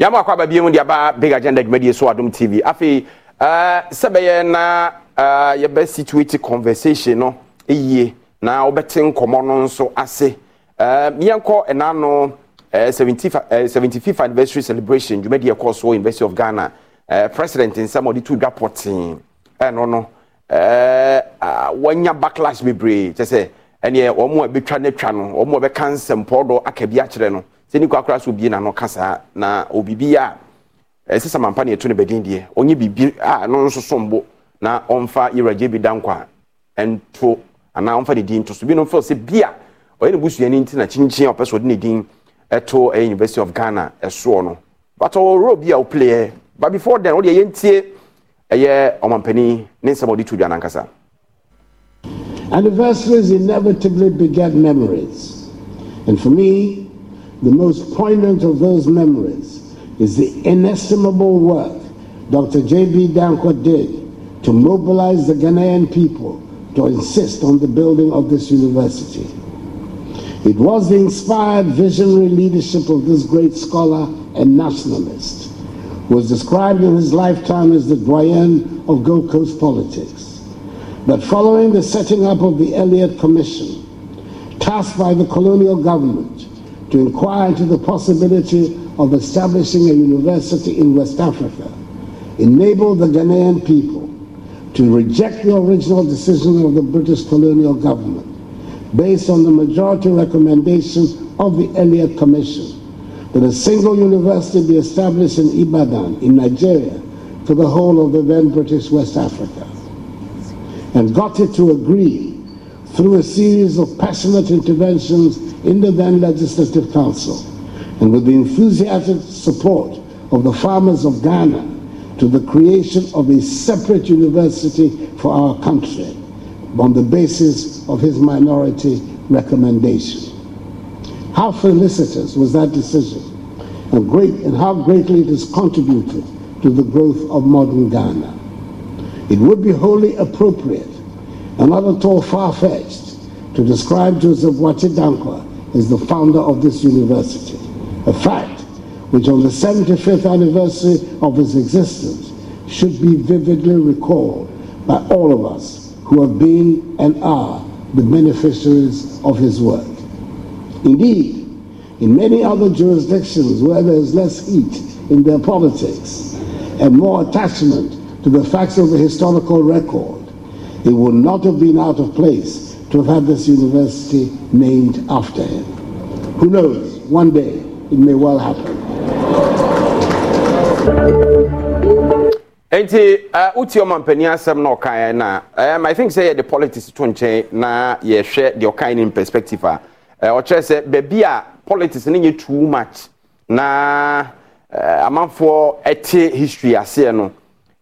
yàmú akɔ aba bie mu deɛ aba big agenda dwumadie so adum tv afei uh, eh, sɛbɛyɛ na uh, eh, yɛbɛ situate conversation no yie na wɔbɛte nkɔmɔ no nso ase uh, yɛnkɔ ɛna no uh, 75th anniversary celebration dwumadie ɛkɔɔ so university of ghana uh, president nsɛm ɔde to dwa pɔtee ɛno no uh, uh, backlash bebree kyɛ sɛ ɛneɛ wɔn a bɛtwa no atwa no wɔn a bɛka nsɛmpɔɔ dɔ aka bi akyerɛ no sɛ nikɔ akora sɛ obi nano ka saa na obibi a ɛsɛ sɛ mampa ne ɛto no bɛdin deɛ ɔnyɛ biribi a ɛno nso so na ɔmfa yɛwuragye bi da nkɔ a ɛnto anaa ɔmfa ne din nto so bi no mfa sɛ bia ɔyɛ ne busuani nti na kyinkyin a ɔpɛ sɛ ɔde ne din ɛto ɛyɛ university of ghana ɛsoɔ no but ɔwɔ bi a ɔpeleɛ but before then wodeɛ yɛntie ɛyɛ ɔmampanin ne nsɛm ɔde to dwa nankasa Anniversaries inevitably beget memories. And for me, The most poignant of those memories is the inestimable work Dr. J.B. Danko did to mobilize the Ghanaian people to insist on the building of this university. It was the inspired visionary leadership of this great scholar and nationalist who was described in his lifetime as the doyen of Gold Coast politics. But following the setting up of the Elliott Commission, tasked by the colonial government to inquire into the possibility of establishing a university in West Africa enabled the Ghanaian people to reject the original decision of the British colonial government based on the majority recommendation of the Elliott Commission that a single university be established in Ibadan, in Nigeria, for the whole of the then British West Africa, and got it to agree through a series of passionate interventions in the then Legislative Council, and with the enthusiastic support of the farmers of Ghana to the creation of a separate university for our country on the basis of his minority recommendation. How felicitous was that decision, and, great, and how greatly it has contributed to the growth of modern Ghana. It would be wholly appropriate and not at all far-fetched to describe Joseph Watidankwa is the founder of this university, a fact which on the 75th anniversary of his existence should be vividly recalled by all of us who have been and are the beneficiaries of his work. Indeed, in many other jurisdictions where there is less heat in their politics and more attachment to the facts of the historical record, it would not have been out of place to have had this university named after him. Who knows? One day it may well happen. nti wotie eh, ɔma mpanin asɛm na ɔkaeɛ no a i think sɛ yɛde politics to nkyɛn na yɛhwɛ deɛ ɔkae no perspective a ɔkyerɛ eh, sɛ baabi a politics no nyɛ too much na eh, amanfoɔ ɛte history aseɛ no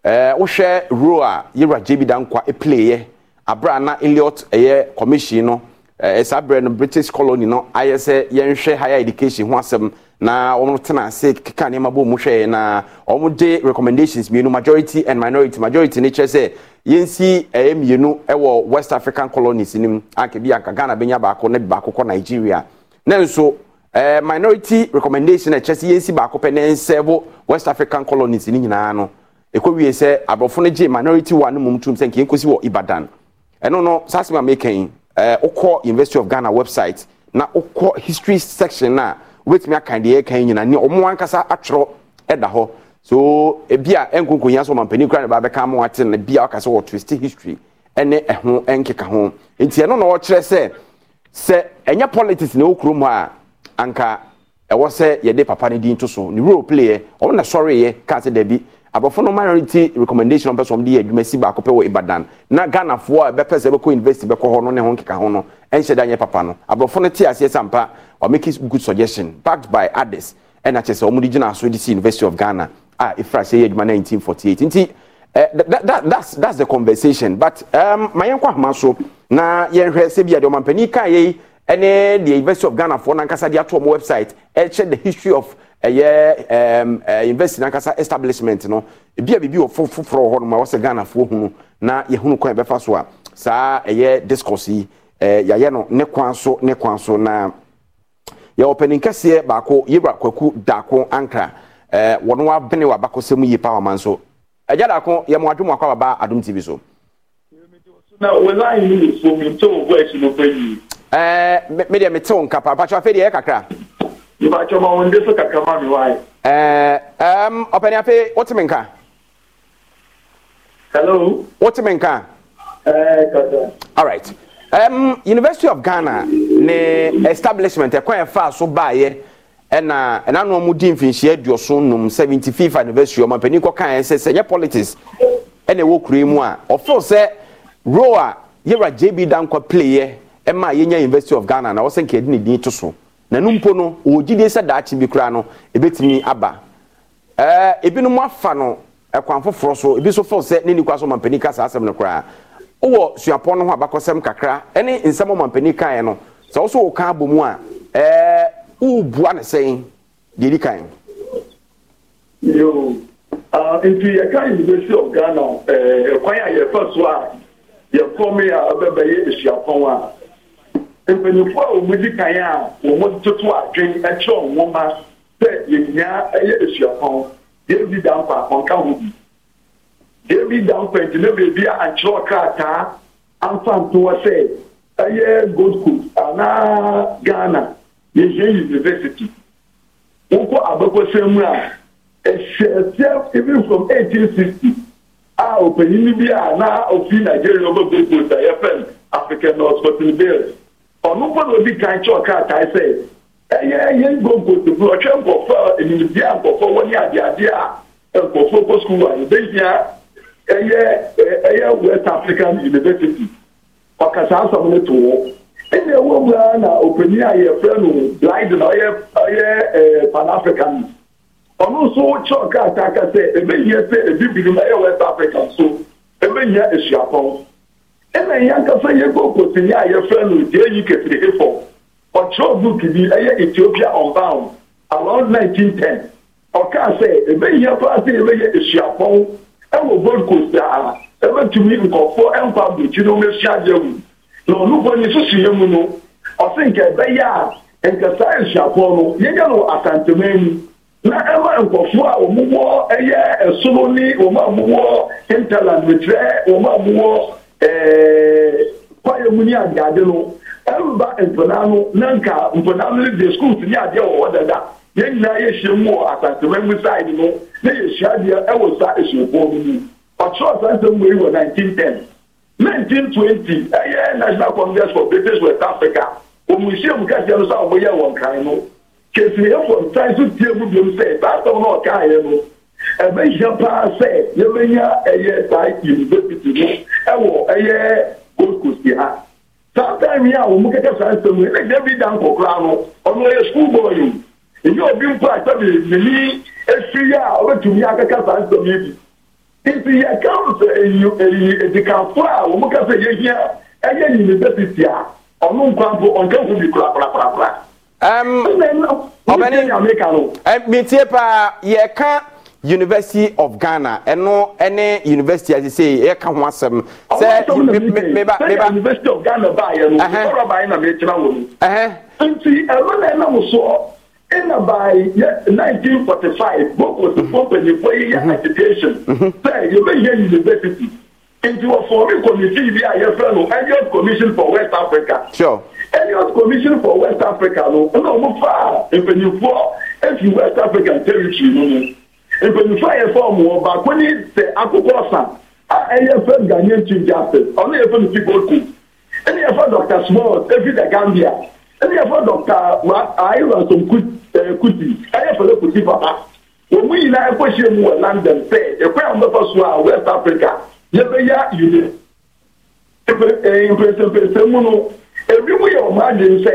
wohwɛ role a yɛwura gye bi da nkwa ɛpleeɛ e abira na eliot ɛyɛ commission no ɛsa berɛ no british colony no ayɛ sɛ yɛnhwɛ higher education ho asɛm na wɔn tena ase keka nneɛma bɔ mu hwɛɛ na wɔn de recommendations mmienu majority and minority majority ne kyerɛ sɛ yɛnsi ɛyɛ mmienu ɛwɔ west african colonies nim anka bi anka ghana bɛnya baako ne baako kɔ nigeria ne nso ɛɛ minority recommendation ɛkyɛ sɛ yɛnsi baako pɛ ne nsɛbo west african colonies ne nyinaa no ekɔ wie sɛ aborɔfo no gye minority wa no mu tum sɛ nkɛnkɔsi wɔ ibadan ɛno no saasi ma meka yi ɛɛ eh, wokɔ university of ghana website na wokɔ history section na wobɛtumi aka deɛ ɛka yi nyina ne ɔmo ankasa atwerɛ ɛda hɔ so ebi a ɛnkonko yɛn so ɔmo mpanyin kura ne ba bɛka mo ate no bi a ɔka sɛ wɔ history ɛne ɛho ɛnkeka ho nti ɛno na ɔkyerɛ sɛ sɛ ɛnyɛ politics na ɛwɔ kurom a anka ɛwɔ sɛ yɛde papa ne din to so ne role play yɛ ɔmo na sɔre yɛ kaa sɛ dabi abɔfra no minority recommendation ɔmpɛ sɔm de yɛ adwuma si baako pɛ wɔ ibadan na ghanafoɔ a ɛbɛpɛ sɛ ɛbɛkɔ university bɛkɔ hɔ no ne ho nkeka ho no ɛnhyɛ da nyɛ papa no abɔfra no te aseɛ sampa ɔmake good suggestion backed by others ɛna kyɛ sɛ ɔmo de gyina aso de si university of ghana a efra ahyɛ yɛ adwuma 1948 nti that, that, that, that's, that's the conversation but um, ma yɛnkɔ ahoma so na yɛnhwɛ sɛ bia deɛ ɔmampanin kaa yɛi ɛne the university of ghanafoɔ nankasa de ato ɔmo website ɛkyɛ the history of ɛyɛ university nankasa establishment no ebi a biribi wɔ foforɔ hɔ ghana hunu na yɛhunu kwan bɛfa so a saa ɛyɛ discourse yi ɛɛ yɛayɛ no ne kwan so ne kwan so na yɛwɔ panin kɛseɛ baako kwaku daako ankara ɛɛ wɔn abene wɔ abakɔsɛm ɔman so na ni mi nípa tí ọmọ wọn dé so kakra máa mi wáyé. ẹ ẹ ọpẹni afe wọ́n ti mi nǹkan. hello. wọ́n ti mi nǹkan. ẹ kọjá. all right um, university of ghana ne establishment ɛkwan ɛfa so baayɛ ɛna ɛna no ɔmo di mfinhyia aduoso num seventy fifth anniversary ɔmo mpanyin kɔ kan ɛsɛ sɛ nyɛ politics ɛna ɛwɔ kure mu a ɔfo sɛ role a yɛwura jb dankwa play yɛ ɛma yɛnya university of ghana na ɔsɛ nkɛyɛ de ne din to so na no mpo no wɔ gyidie sɛ daakye bi koraa no ɛbɛtumi aba ɛɛ ebinom afa no ɛkwan foforɔ so ebi nso fɔl sɛ ne nikwa so mampanin ka saa asɛm no koraa wɔ suapɔn no ho abakɔsɛm kakra ɛne nsɛm ɔmampanin kaeɛ no sɛ wɔso wɔ ka abɔ mu a ɛɛ wɔrebua ne sɛn deɛ di kan. nti yɛka university of ghana ɛɛ ɛkwan a yɛfa so a yɛfɔ mi a ɔbɛbɛyɛ suapɔn a mpanyinfoɔ a wɔn di kan a wɔn toto adwene kyerɛ wɔn nwoma sɛ yɛn nyinaa yɛ esuapɔn deɛ bi da nkwa ɔnka ho bi deɛ bi da nkwa ntina beebi ankyerɛ krataa amfa ntoɔ sɛ ɛyɛ gold coast anaa ghana yɛhia university wokɔ abɛkɔsɛm mu a ɛhyɛɛsɛ even from eighteen sixty a ɔpanyin bi a na ofi nigeria ɔbɛ gold coast a yɛfɛ no african north cotton bales ɔno mpo na obi kan kyɛ ɔkrataa sɛ ɛyɛ ɛyɛ ngongodo bi ɔtwɛ nkɔfo a enimdi a nkɔfo wɔ ne adeade a nkɔfo kɔ sukuu a ebehia ɛyɛ ɛyɛ west african university ɔkasa asɛm ne to wɔ ɛna ɛwɔ mu a na opanyin a yɛfrɛ no blind na ɔyɛ ɔyɛ ɛɛ pan african ɔno nso kyɛ ɔkrataa kasɛ ebehia sɛ ebi binom ɛyɛ west african so ebehia esuapɔn. emere ya nkasa ya ebe e e e okotiri ya yefere na ụdị enyi kesịrị ịfọ buk bi eye ethiopia onbound around 1910 ọka ebe ihe ya plasị emeghị esiakpọnwụ ɛwɔ gold coast a ɛbɛtumi nkɔfoɔ ɛnkɔ aburukyi no na ɔnukɔ ne soso yɛ mu no ɔsi nka ɛbɛyɛ a nkasa nsuafoɔ no yɛnyɛ no na ɛma nkɔfoɔ a wɔn wɔ ɛyɛ wɔn a wɔn wɔ hinterland metrɛ wɔn a kwaya mu ni anga adi no ɛruba mponano na nka mponano ne deɛ skuul ni adeɛ wɔ hɔ dada yɛn nyinaa yɛhyia mu wɔ asantemɛmu side no na yɛhyia adeɛ ɛwɔ saa esuopɔn no mu ɔkyerɛ ɔsansɛm wɔ 1910 1920 ɛyɛ national congress for british west africa mu kɛseɛ no yɛ wɔn kan no tie mu biom sɛ ɛbɛhyɛ paa sɛ yɛbɛnya ɛyɛ saa yunifasiti mu ɛwɔ ɛyɛ gold coast ha saa time yi a wɔn mu kɛkɛ saa nsɛm yi ɛna david danko koraa no ɔno yɛ school boy yi ɛnyɛ obi mpo a sɛbi n'ani efiri a ɔbɛtumi akɛkɛ saa nsɛm yi bi nti yɛka sɛ eyi eyi edikanfo a wɔn mu kɛsɛ yɛhia ɛyɛ yunifasiti a ɔno nkwanfo ɔnkɛnfo bi kora kora kora kora. ɔbɛni mi tie paa yɛ ka university of ghana ɛno ɛne university a sise yɛ ka ho asɛm sɛ meba meba university of ghana baayɛ no ɔrɔ baayɛ na mɛ kyerɛ wɔn nti ɛno na ɛnam soɔ ɛna by nineteen forty five boko sefo mpanyinfo yi yɛ agitation sɛ yɛbɛyɛ university nti wɔfɔmi committee bi a yɛfrɛ no elliot commission for west africa sure. elliot commission for west africa no ɛna wɔn fa mpanyinfoɔ efi west african territory no no mpanyinfoɔ a yɛfɛ ɔmo wɔ baako ne sɛ akokɔ sa a ɛyɛ fɛ ghanaian chief justice ɔno yɛ fɛ no ti gotu ɛne yɛ fɛ dr small efi the gambia ɛne yɛ fɛ dr wa ayira som eh, kuti ɛyɛ fɛ lɛ kuti papa wɔn mu nyinaa ɛkɔ hyia mu wɔ london sɛ ɛkɔ yɛ mbɛfa so a west africa yɛbɛya unit mpɛsɛmpɛsɛ eh, mu no ebi mu yɛ ɔmo adi nsɛ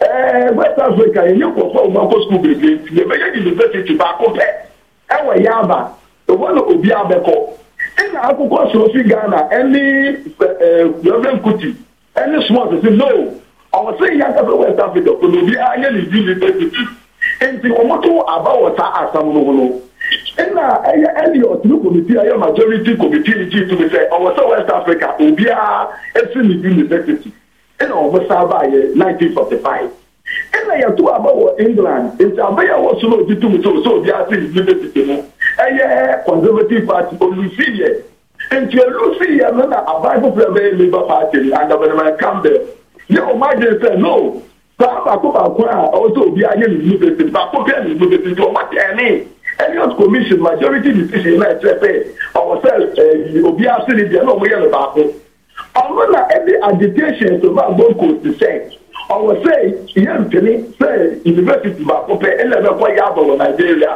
ɛɛ eh, west africa yɛnyɛ kɔfɔ ɔmo akɔ sukuu bebree yɛbɛya university baako pɛ. enwe ya aba onwena obi abekọ ị na akwụkwọ sosi gaa na eli Reverend Kuti eli smart si eh, eh, no ọ sịghị ya gafe West Africa na obi anya na iji liberty nti ọmụtụ abawọta asamụnụhụnụ ina ɛyɛ elliot ne committee ɛyɛ majoriti committee ne gyi tumi sɛ ɔwɔ sɛ west africa obiara esi ne university ɛna ɔmo saa baayɛ nineteen forty five ɛna yɛto aba wɔ england nti abɛyɛ wɔ soro odi tum so so obi ase university mu ɛyɛ conservative party olusiiɛ nti olusiiɛ no na aban foforɔ bɛyɛ labour party no andabanaman campbell yɛ ɔmo agye sɛ no saa baako baako a ɔwɔ sɛ obi ayɛ ne university baako pɛ ne university nti ɔmo tɛnee elliot commission majority decision na ɛkyerɛ sɛ ɔwɔ sɛ ɛɛ eh, obi ase ne deɛ na ɔmo yɛ no baako ɔno na ɛde agitation to ma gbɔ nkosi sɛn ọwọ sẹ yẹ ntini sẹ yunifásitì baako pẹ ẹnna ẹbẹ kọ yẹ abọ wọ nàìjíríà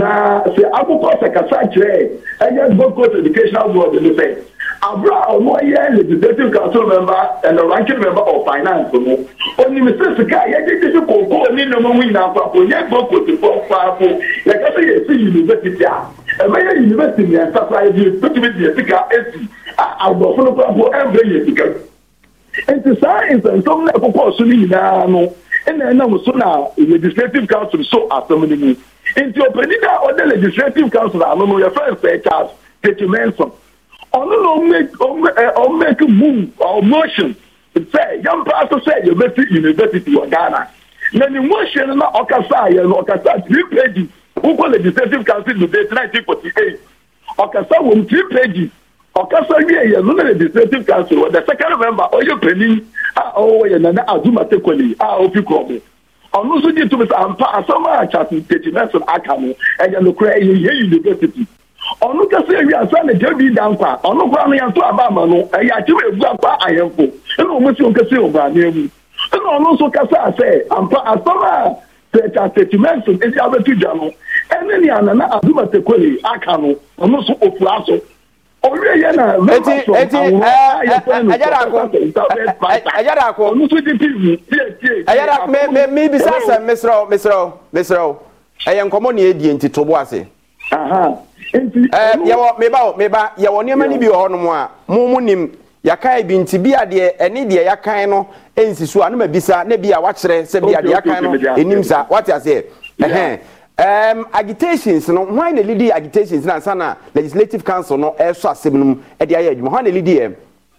na sẹ akokọ sẹ kasa kyerẹ ẹyẹ gold coast educational board ni sẹ abúlé ọmọ yẹ legislative council member ẹnna ranking member of finance mu onímísẹ sika yẹ dídí sí kòkó onínú mu nyinaa papò yẹ gold coast fọ fàáfò yẹ kẹsẹ yẹ sí yunifásitì a ẹbẹ yẹ yunifásitì mìíràn sasa yẹ di pẹtùmí di yẹ sika esi a agbọfọlọpọ ẹbẹ yẹ sika. nti saa nsɛnsɛm na ɛkɔkɔɔ so no nyinaa no na ɛnam so na legislative council so asɛm no mu nti ɔpanin a ɔda legislative council ano no yɛfrɛ sɛ charles tete ɔno na ɔmmake move or motion sɛ yɛmpa aso sɛ yɛbɛsi university wɔ ghana na ne motion na ɔkasa yɛ no ɔkasa three pages wokɔ legislative council debate 1948 ɔkasa wɔm three pages ọkasa wie yɛ na legislative council the second member ɔyɛ panyin a ɔwɔ yɛ nana azuma tekwali a ofi kurɔmo nso tum ampa a charles tete aka university asa na dankwa kora no no akyem akwa si nso kasa ampa a charles tete nelson esi abɛtu gya no ɛne nea nana tekwali aka no orí ẹyẹ náà lọ́kàtọ̀ àwọn ayẹyẹ ẹ̀yẹ́dàkọ ẹ̀yẹ́dàkọ olùsúnjì tv díẹ̀ díẹ̀. ẹ̀yẹ́dàkọ mi mi mi bisa sẹ misrọ misrọ misrọ ẹ̀yẹ nkọmọ ni edi nti to bu ase. ẹ yẹwọ meba o meba yẹwọ nneɛma ni bi wɔ hɔnom a mo mo nim yakan bi nti bi adeɛ ɛne deɛ yakan no nsi so a ne bisa ne bi a wakyerɛ sɛ bi adeɛ yakan no enim sa wate aseɛ ɛhɛn um, agitations no why na lead agitations na ansa na legislative council no ɛsɔ asɛm no mu ɛde ayɛ adwuma why na lead yɛ. Eh?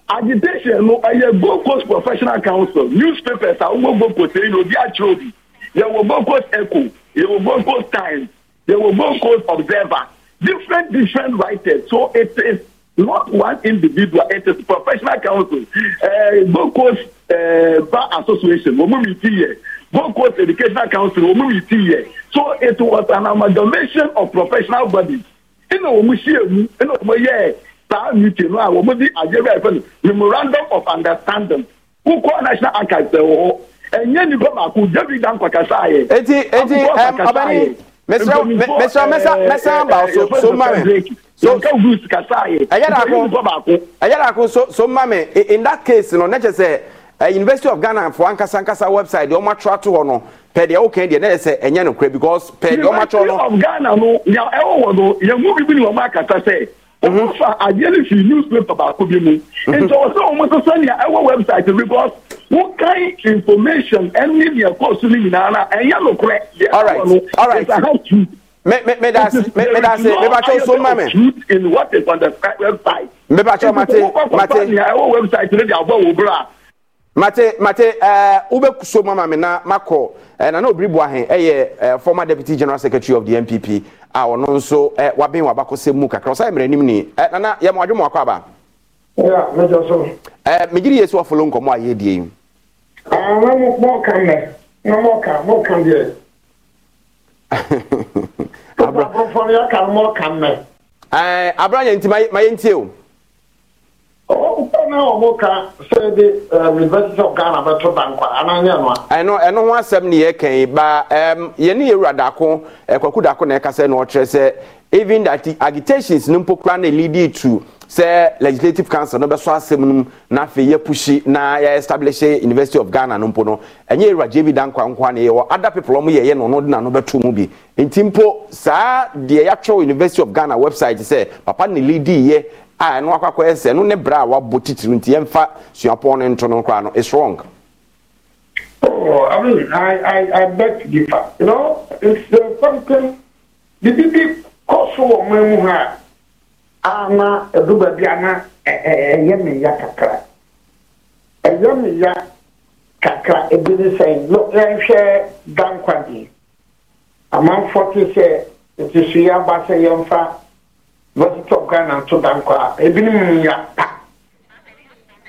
agitation no ɛyɛ eh, gold coast professional council newspapers a wɔn gold coast ɛyɛ obi akyerɛ obi yɛwɔ gold coast echo yɛwɔ gold coast times yɛwɔ gold coast observer different different writers so it is not one individual it is professional council uh, eh, gold coast uh, bar association wɔn mu mi ti yɛ. Gold Coast Educational Council omu yi ti yẹ so it was an amalgamation of professional bodies ẹna omu si emu ẹna omu yẹ saa meeting no a wɔn di agyere a yɛfɛ no memorandum of understanding wokɔ national archives ɛwɔ hɔ ɛnyɛ nipa baako david dankwa kasa ayɛ. eti eti ɛm ɔbɛni mesrɛ mesrɛ mɛsa mɛsa ba so so mma mi so nka goose kasa ayɛ ɛyɛ dako ɛyɛ dako so so mma mi in that case no ne kyerɛ sɛ uh, university of ghana for ankasa ankasa website deɛ ɔmo atwerɛ ato hɔ no pɛ deɛ ɔka deɛ ne sɛ ɛnyɛ no kura because pɛ deɛ ɔmo atwerɛ no. university of ghana no nea ɛwɔ wɔ no yɛn mu bibi ni wɔn akata sɛ wɔn fa adeɛ no fi newspaper baako bi mu nti ɔwɔ sɛ wɔn soso nea ɛwɔ website because wɔn kan information ɛne nea kɔɔso no nyinaa na ɛnyɛ no korɛ deɛ ɛwɔ no it's a hard truth mebatɛ so ma me mebatɛ mate mate mate mate wobɛso mu ama me na makɔ nana obiri buahe former deputy general secretary of the npp a nọ nso waben wabakɔsɛm mu kakra ɔsa yɛ mmerɛnim ni nana yɛma adwe mmoakɔ aba megyere yɛ sɛ wafolo nkɔmmɔ a yɛdie yi abra yɛ nti mayɛ ntie o ɔna ɔmo ka sɛ de eh, university of ghana bɛto dankwa ananyɛ no a ɛno ɛno ho asɛm ne yɛkan ba ɛm yɛne yɛwura dako ɛkwaku eh, dako na ɛkasɛ na ɔkyerɛ sɛ even that agitations no mpo kora na lead to sɛ legislative council no bɛsɔ asɛm no na afei yɛpushi na yɛestablish university of ghana no mpo no ɛnyɛ yɛwura gyebi dankwa nkoa na yɛwɔ other people ɔmo yɛyɛ no ɔno de na no bɛto mu bi nti mpo saa deɛ yɛatwerɛ university of ghana website sɛ papa ne lead yɛ a ɛno akɔakɔ ɛsɛ ɛno ne berɛ a wabɔ titiri nti yɛmfa suapɔn no nto no koraa no is wrong Oh, I mean, I, I, I beg to differ. You know, it's uh, something, the big cause for me, ama eduba bi ana e me e, ya kakra e yemi ya kakra e ne sɛn no yɛnhwɛ e, dankwa bi amanfoɔ te sɛ nti so e, yɛ aba sɛ wɔtete ɔkwan na nto da nkɔ a ebinom nya pa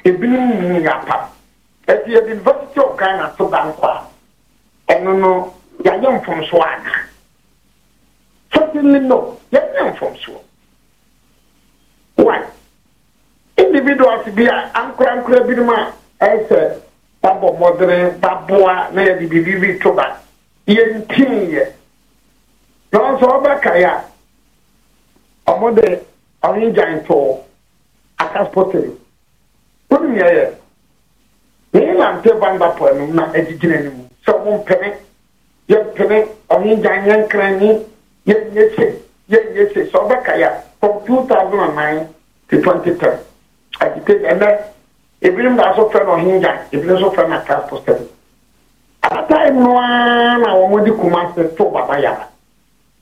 ebinom nya pa eti ebi wɔtete ɔkwan na nto da nkɔ a ɛno no yɛayɛ mfomsoɔ ana certainly no yɛayɛ mfomsoɔ why individuals bi a ankorankora binom a ɛyɛ sɛ babɔ mmɔdene baboa na yɛde biribi bi to ba yɛntim yɛ na ɔnso ɔbɛkae a ọmọ dẹ ọyìn gyan tọ akaspọtẹ wọn ni yẹ yẹn na ntẹ banda pọ ẹnu na ẹdi gyina ẹni mu sọ wọn mpẹni yẹn mpẹni ọyìn gyan yẹn kran ni yẹn yẹ se yẹn yẹ se sọ ọbẹ kaya from two thousand and nine to twenty ten agite ẹnẹ ebinom na aso fẹ na ọyìn gyan ebinom nso fẹ na akaspọtẹ ata nnua na wọn di kumase to baba yara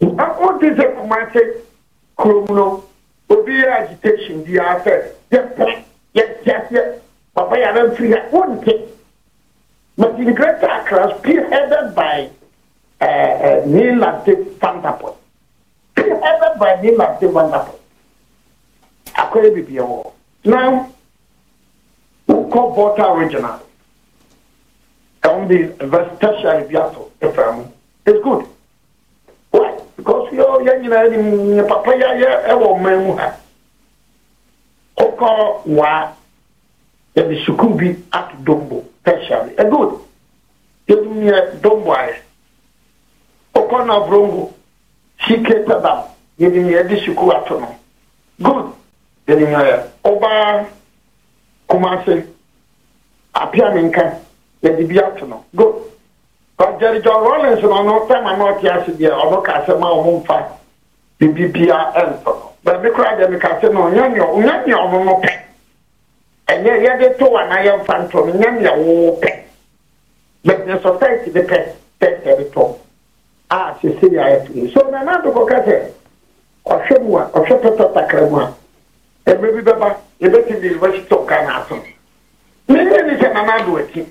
ọ dị sẹ kumase kurom no obi yɛ agitation bi afɛ yɛpɛ yɛte aseɛ papa yɛ anamfiri ha wonte but in greater accra spearheaded by uh, uh, neil ante vanderpoint spearheaded by neil ante vanderpoint akɔyɛ bibia wɔ now wokɔ volta regional ɛwom de vestasiary bi ato ɛfra mu it's good because yɛ yɛ nyinaa ni nyɛ papa yɛ yɛ ɛwɔ e ɔman mu ha kɔkɔ waa yɛde sukuu bi ato dombo pɛsiali ɛgood e yɛdum yɛ dombo ayɛ e. kɔkɔ na brongo sike tabam yɛde yɛde sukuu ato no good yɛde yɛ ɔbaa kumase apia mi nka yɛde bi ato no good kɔjɛri john rollins n'ɔno tɛma na ɔte ase deɛ ɔno kase ma ɔmo nfa bibi bia ɛnso no baabi koraa deɛ mi kase no ɔnyɛ nea ɔnyɛ nea ɔno no pɛ ɛnyɛ yɛde to wa na yɛ nfa nto no nyɛ nea wɔwɔ pɛ bɛtɛ society de pɛ tɛtɛ de tɔ a sese yɛ ayɛ tuni so na n'ado kɔ kɛsɛ ɔhwɛ mu a ɔhwɛ pɛtɛ takra mu a ɛmɛ bi bɛba yɛbɛti bi yɛbɛti tɔ kaa n'aso mi nye ni sɛ nana do akyi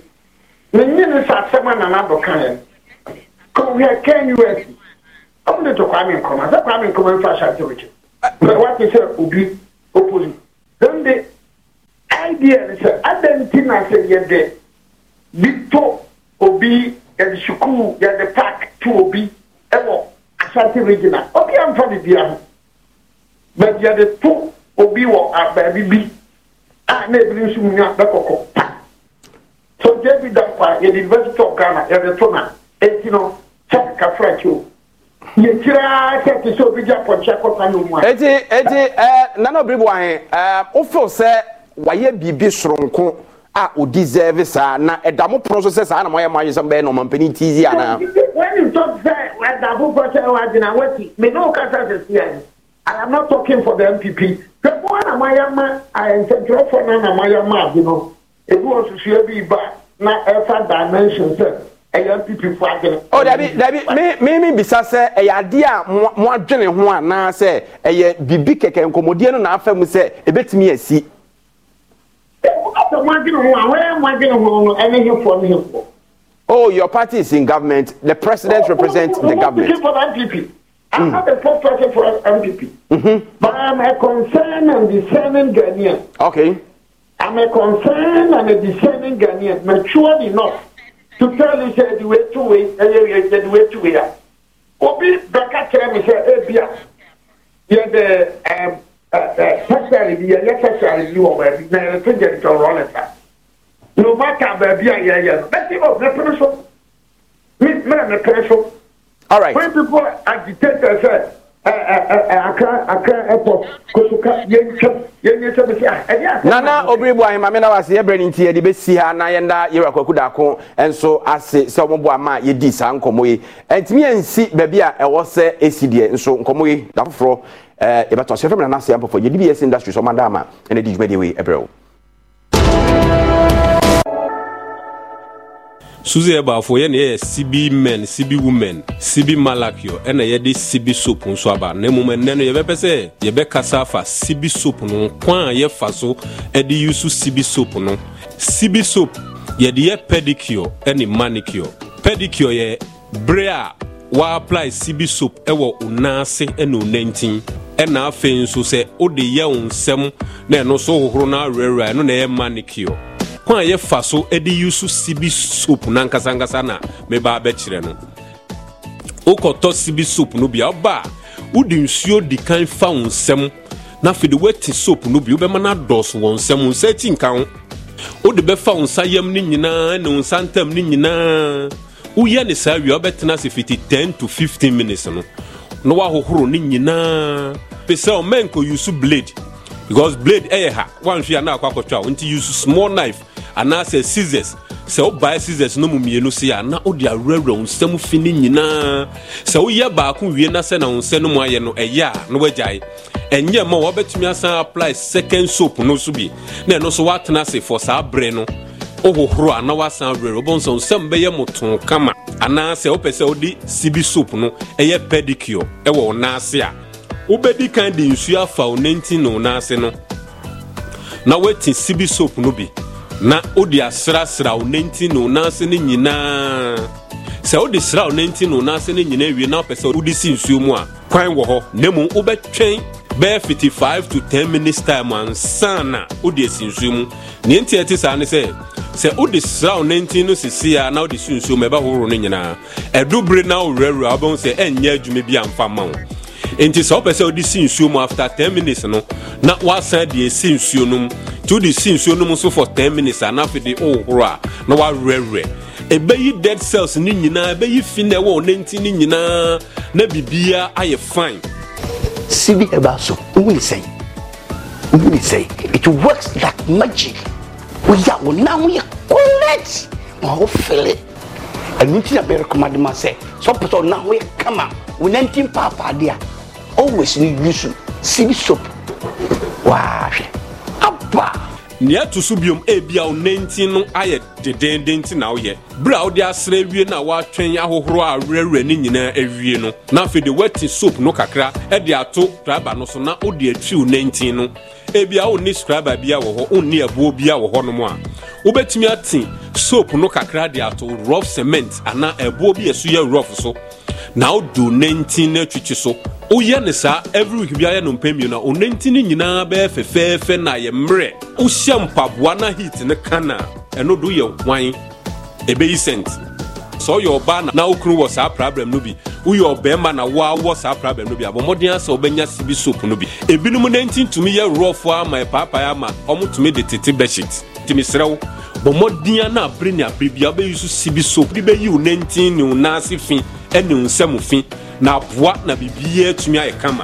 menye ne sɛ asɛm anana dɔkaɛ kɔwia kan us ɔmde to kwame nkɔma sɛ kwame nkɔma mfa ahyɛ asɛwɔkyɛ wate sɛ obi opoli ɛm de idea ne sɛ adɛn nti na sɛ yɛde bi to obi yɛde sukuu yɛde park to obi ɛwɔ asante regional obi amfa ne bia ho but yɛde to obi wɔ baabi bi a na ebiri nso mu nwa bɛkɔkɔ park so jb dankwa yɛde university of ghana yɛde to na eti no sɛ kaka frank o yɛ kyiraa sɛ te sɛ obi gya pɔnkye akɔfa no mu a. eti eti ɛɛ eh, nana obiri bu ahen eh, ɛɛ wofo sɛ wayɛ biribi soronko a o deserve saa na ɛdamo eh, pono so sɛ saa na mo ayɛ mo ayɛ sɛ bɛyɛ na ɔmo mpanin ti zi ana. wɛni tɔ sɛ ɛdamo pono sɛ ɛwɔ adina wɛti mɛ n'o kasa sɛ si ayi i am not talking for the npp pɛpɔ anamayamaa ɛnsɛntwerɛfo anamayamaa bi no ebi wɔ susua bi ba na ɛfa dimension sɛ ɛyɛ npp fo adwene. o dabi dabi mi mi bisa sɛ ɛyɛ adeɛ a mo adwene ho anaa sɛ ɛyɛ bibi kɛkɛ nkɔmɔdie no n'afɛ mu sɛ ebetumi esi. mo adwene Oh, your party is in government. The president oh, oh represents oh, the oh, government. Oh, hmm. For MPP. I'm mm. not a spokesperson for MPP. Mm-hmm. But I'm a concerned and discerning Ghanaian. Okay. I'm a concerned and a discerning Ghanaian, matured enough to tell you say the way to way, eh, the way to way. Obi Beka tell me say, "Hey, eh, Bia, you're the um, uh, uh, you're your you are my, now you're thinking it's No matter where Bia, yeah, yeah, that's it. Oh, the person, me, All right. When people agitate themselves. nana obiri bu ahema me na wase yɛbrɛ no nti yɛde bɛsi ha na yɛnda yɛwura kwaku daako nso ase sɛ ɔmɔbɔ ama a yɛdi saa nkɔmmɔ yi ɛntumi ansi baabi a ɛwɔ sɛ ɛsi deɛ nso nkɔmmɔ yi da foforɔ yɛbɛtɔ so yɛfrɛ me nana ase ampɔfo yɛde bi yɛsi industry sɛ ɔmada ama ɛna di dwumadeɛ wei ɛbrɛ wo suzi ɛbaafo yɛ na yɛyɛ sibi men sibi women sibi malakio ɛna yɛde sibi soap nso aba na mmom ɛnɛ no yɛbɛpɛ sɛ yɛbɛkasa afa sibi soap no kwan a yɛfa so ɛde yusu sibi soap no sibi soap yɛde yɛ pedicure ɛne manicure pedicure yɛ bere a wɔapply sibi soap ɛwɔ wo nan ase ɛne wo nantin ɛna afei nso sɛ wode yɛ wo nsɛm na ɛno so hohoro no awerɛwerɛ ɛno na ɛyɛ manicure kwan a yɛfa so de yusu sibi soap nankasankasa na meba bɛkyerɛ no wokɔtɔ sibi soap no bia ɔba a wode nsuo di kan fa wo nsɛm na afei de woati soap no bi wobɛma no adɔɔso wɔ nsɛm wo nsa akyi nka ho wode bɛfa wo nsa yam no nyinaa ne wo nsa ntam no nyinaa woyɛ ne saa wie wobɛtena ase fiti 10 to 15 minutes no na woahohoro no nyinaa pɛ sɛ ɔma nkɔyusu blade because blade ɛyɛ ha woanhwe a na akɔ akɔtwa wo nti use small knife anaasɛ scissors sɛ wobae scissors no mu mmienu si a na wode awerɛwerɛ wo nsɛm fi no nyinaa sɛ woyɛ baako wie na sɛ na wo nsɛ no mu ayɛ no ɛyɛ a na woagyae ɛnyɛ ma wɔbɛtumi asan apply second soap no so bi na ɛno nso woatena ase fɔ saa berɛ no wohohoro a na woasan awerɛwerɛ wobɛhu sɛ wo nsɛm bɛyɛ motoo kama anaasɛ wopɛ sɛ wode sibi soap no ɛyɛ pedicure ɛwɔ wo nan a wobɛdi kan de nsuo afa wo nantin ne wo nan no na woati sibi soap no bi na wode asrasra wo nanti no nanse no nyinaa sɛ wode sra wo nanti no nanse no nyinaa wie na wopɛ sɛ wode si nsuo mu a kwan wɔ hɔ na mmom wobɛtwɛn bɛyɛ 55 to 10 minutes time ansa na wode asi nsuo mu neɛ nti ɛte saa ne sɛ sɛ wode sra wo nanti no sisi a na wode si nsuo mu ɛbɛhohoro no nyinaa ɛdobere na wowerɛwerɛ wobɛhu sɛ ɛnyɛ adwuma bi amfa ma wo nti sɛ wopɛ sɛ wode si nsuo mu after 10 minutes no na woasan de ɛsi nsuo no mu nti wode si nsuo no mu so for 10 minutes anaa afei de wohohoro a na woawerɛwerɛ ɛbɛyi dead cells ne nyinaa ɛbɛyi fi na ɛwɔ ɔnanti ne nyinaa na biribiaa ayɛ fine si bi ɛba so wohune sɛn wohune sɛn it works like magic woyɛ wo na woyɛ collect ma wofele ɛno nti na bɛrekomade ma sɛ sɛ wopɛ sɛ ɔna woyɛ kama wo nantim paapaadeɛ a o nwesịrị use siri sop wahwɛ aba nea ɛto so biom ebia wo nantin no ayɛ dedenden nti na woyɛ bere a wode asra awie no woatwɛn ahohoro a werɛwerɛ no na afei de kakra ato no so na wode atwi wo nantin no ebia wonni scribe bia wɔ hɔ ɛboɔ bia wɔ hɔ nom a kakra de ato cement anaa ɛboɔ bi ɛso so na wodo nantin no atwitwi so woyɛ ne saa every week biara no mpɛmmienu a ɔnantin no nyinaa bɛyɛ fɛfɛɛfɛ na ayɛ mmerɛ wohyɛ mpaboa na heat ne ka no ɛno do yɛ hwan ɛbɛyi sent sɛ na wokunu wɔ saa problem no bi woyɛ ɔbɛrima na woawɔ saa problem no bi abɔmmɔden asɛ wobɛnya sibi soap no bi ebinom tumi yɛ ama ɛpaapae ama ɔmotumi de tete bɛhyit timi wo na abere ne abere bia wobɛyi so sibi ne nsɛm fi na aboa na biribiara atumi ayɛ kama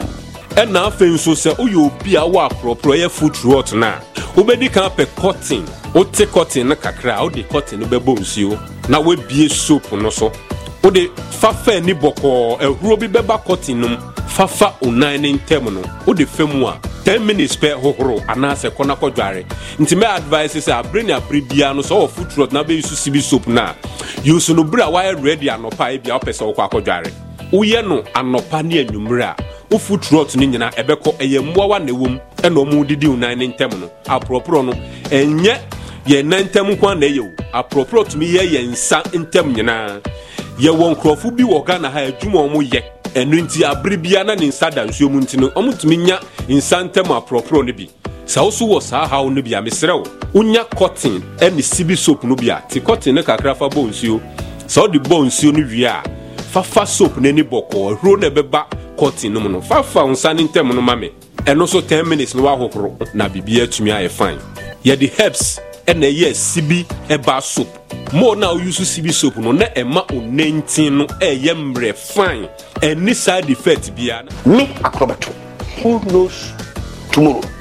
ɛna afei nso sɛ woyɛ obi a wɔ akorɔporɔ yɛ foot rot no a wobɛdi kan pɛ cotton wote cotton no kakra a wode cotton no bɛbɔ nsuo na woabie soap no so wode fa ni bɔkɔɔ ahuro bi bɛba cotton no mu fafa wo nan ne ntam no wode fa mu a 10 minutes pɛ hohoro anaasɛ kɔ na kɔdware nti mɛ advice sɛ abere ne apere biara no sɛ ɔwɔ fotrot na bɛyi so sibi soap no a yɛsu no berɛ a woayɛ ready anɔpa a ebia wopɛ sɛ wokɔ akɔdware woyɛ no anɔpa ne anwummerɛ a wo fotrot no nyinaa ɛbɛkɔ ɛyɛ mmoawa na ɛwɔ mu ɛna ɔmo didi wo nan ne ntam no aporɔporɔ no ɛnyɛ yɛn nan ntam nko a na ɛyɛ wo aporɔporɔ tumi yɛ yɛn nsa ntam nyinaa yɛwɔ nkurɔfo bi wɔ ghana ha adwuma ɔmo yɛ ɛno nti abere bia na ne nsa da nsuo mu nti no ɔmotumi nya nsa ntam aporɔporɔ no bi sɛ woso wɔ saa haw no bi a meserɛ wo wonya cotton ne sibi soap no bi a te cotton no kakra fa bɔ nsuo sɛ wode bɔ nsuo no wie a fafa soap no ani bɔkɔɔ ahuro na ɛbɛba cotton no mu no fafa wo nsa ne ntam no ma me ɛno nso 10 minutes no woahohoro na biribiaa atumi ayɛ fine yɛde herbs ɛna ɛyɛ sibi ɛba soap mo na oyusu sibi soap no na ɛma onentin no ɛyɛ mmerɛ fine ɛni side effect bia. nick akorobɛto who knows tomorrow.